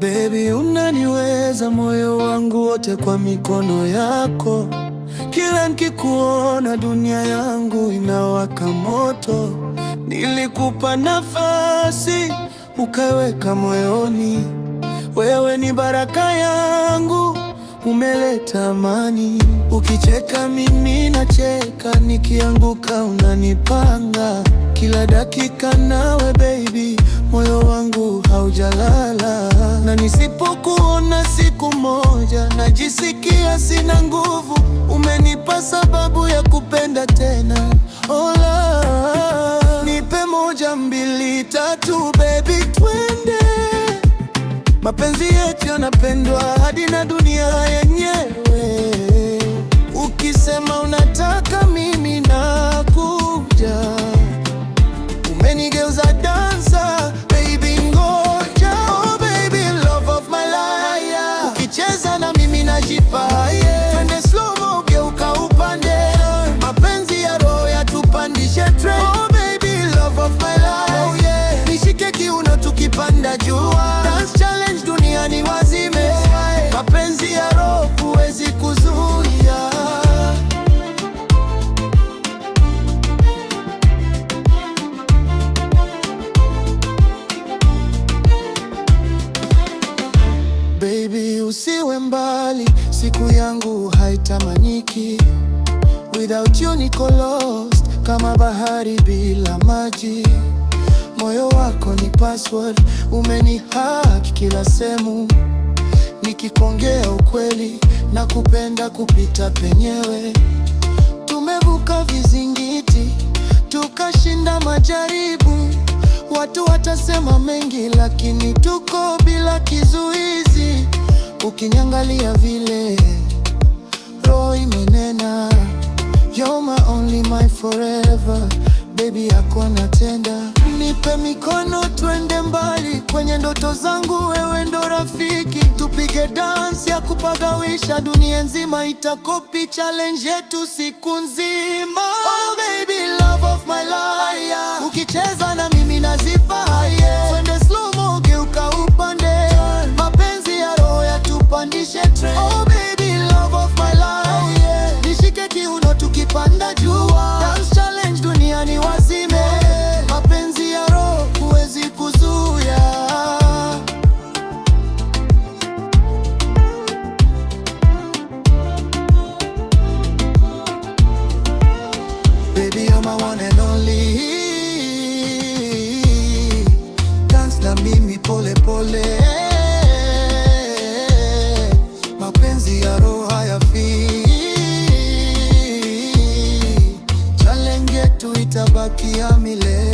Baby, unaniweza moyo wangu wote kwa mikono yako. Kila nikikuona dunia yangu inawaka moto. Nilikupa nafasi ukaweka moyoni. Wewe ni baraka yangu, umeleta amani. Ukicheka mimi nacheka, nikianguka unanipanga. Kila dakika nawe baby, moyo wangu haujalala na nisipokuona siku moja najisikia sina nguvu. Umenipa sababu ya kupenda tena, ola nipe moja mbili tatu, baby twende, mapenzi yetu yanapendwa hadi na dunia yenyewe. Baby, usiwe mbali, siku yangu haitamanyiki. Without you niko lost, kama bahari bila maji. Moyo wako ni password, umenihaki kila sehemu. Nikikongea ukweli, na kupenda kupita penyewe. Tumevuka vizingiti, tukashinda majaribu Watu watasema mengi, lakini tuko bila kizuizi. Ukinyangalia vile roho imenena, you're my only my forever baby yako natenda. Nipe mikono twende mbali kwenye ndoto zangu, wewe ndo rafiki. Tupige dansi ya kupagawisha, dunia nzima itakopi challenge yetu siku nzima. Oh baby love of my life, ukicheza batia milênio